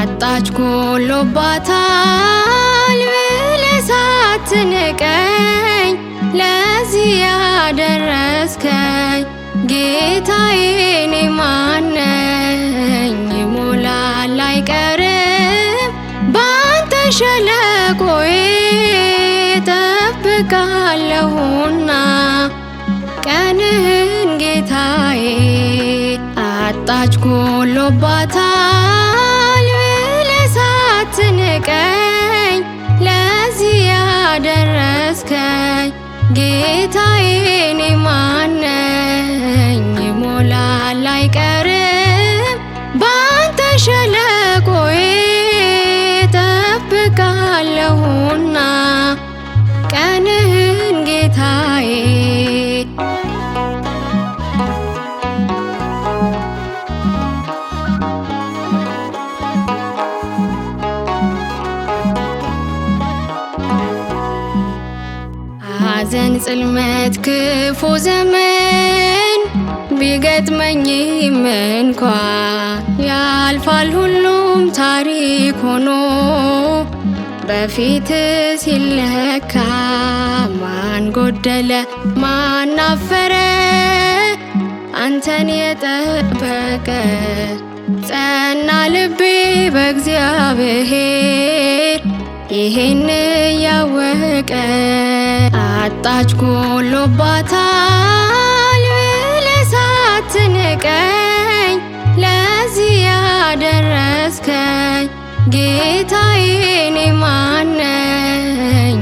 አጣች ጎሎባታል ብለሳት ንቀኝ ለዚህ ያደረስከኝ ጌታዬ ማነኝ? ይሞላል አይቀርም ባንተ ሸለቆዬ ጠብቃለሁና ቀንህን ጌታዬ አጣች ጎሎባታል አትንቀኝ ለዚህ ያደረስከኝ ጌታዬ እኔ ማነኝ? ይሞላል አይቀርም ባንተ ሐዘን ጽልመት ክፉ ዘመን ቢገጥመኝ እንኳ ያልፋል ሁሉም ታሪክ ሆኖ በፊት ሲለካ ማን ጎደለ ማን አፈረ አንተን የጠበቀ ጸና ልቤ በእግዚአብሔር ይህን ያወቀ አጣች ጎሎባታል ብለህ ሳትንቀኝ ለዚህ ያደረስከኝ ጌታዬ እኔ ማነኝ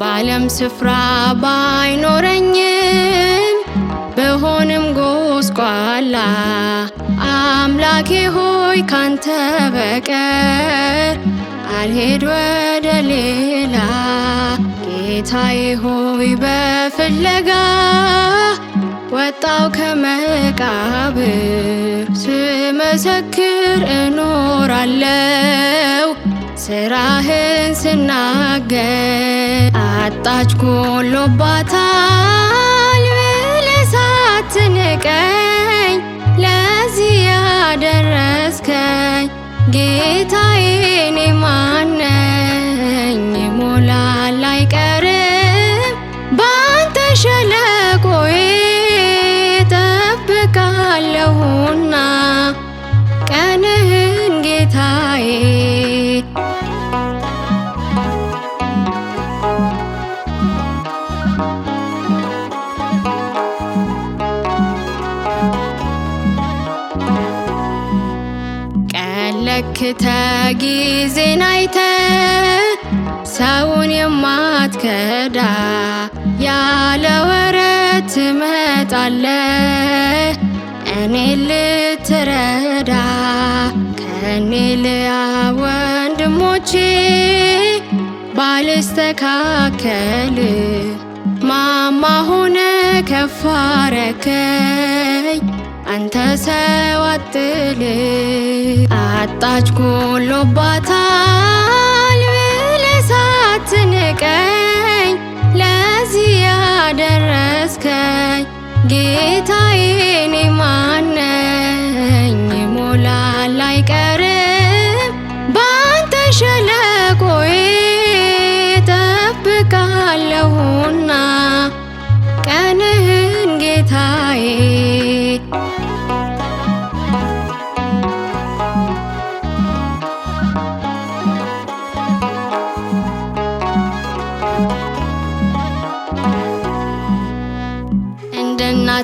በዓለም ስፍራ ባይኖረኝም በሆንም ጎስቋላ አምላኬ ሆይ ካንተ በቀር አልሄድ ወደ ሌላ ጌታዬ ሆይ በፍለጋ ወጣው ከመቃብር ስመሰክር እኖራለሁ ስራህን ስናገር አጣች ጎሎባታል ብለህ ሳትንቀኝ ለዚህ ያደረስከኝ ጌታዬ ማነኝ? ይሞላል አይቀርም ባንተ ሸለቆዬ ጠብቃለሁና ቀን ተመልክተ ጊዜን አይተ ሰውን የማትከዳ ያለ ወረት ትመጣለ እኔ ልትረዳ ከኔ ልያ ወንድሞቼ ባልስተካከል ማማ ሆነ ከፋረከኝ አንተ ሰው አትል አጣች ኩሎባታል ብለህ ሳትንቀኝ ለዚህ ያደረስከኝ ጌታ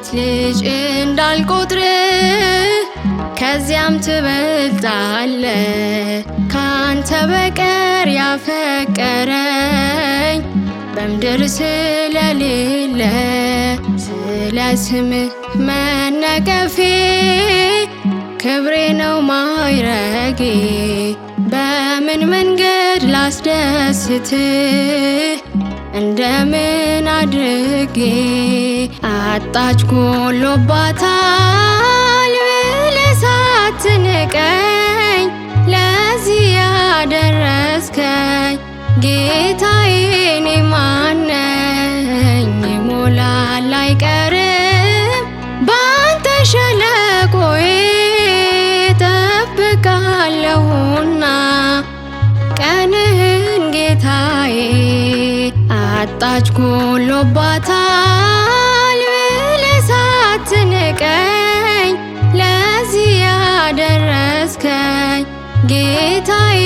ሴት ልጅ እንዳልቆጥር ከዚያም ትበልጣለ ካንተ በቀር ያፈቀረኝ በምድር ስለሌለ ስለ ስምህ መነቀፌ ክብሬ ነው ማይረጌ በምን መንገድ ላስደስትህ እንደምን አድርጌ አጣች ጎሎባታል ብለህ ለዚህ ያደረስከኝ ጌታዬ እኔ ማነኝ ሞላ አይቀር ያጣች ኩሎባታል ብለህ ሳትንቀኝ ለዚህ ያደረስከኝ ጌታዬ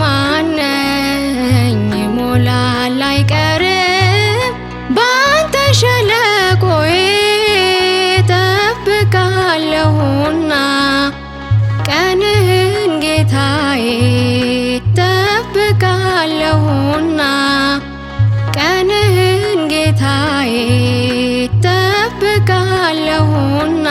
ማነኝ? ይሞላል አይቀርም ባንተ ሸለቆዬ ጠብቃለሁና ቀንህን ጌታዬ ጠብቃለሁና ቀንህን ጌታዬ ጠብቃለሁና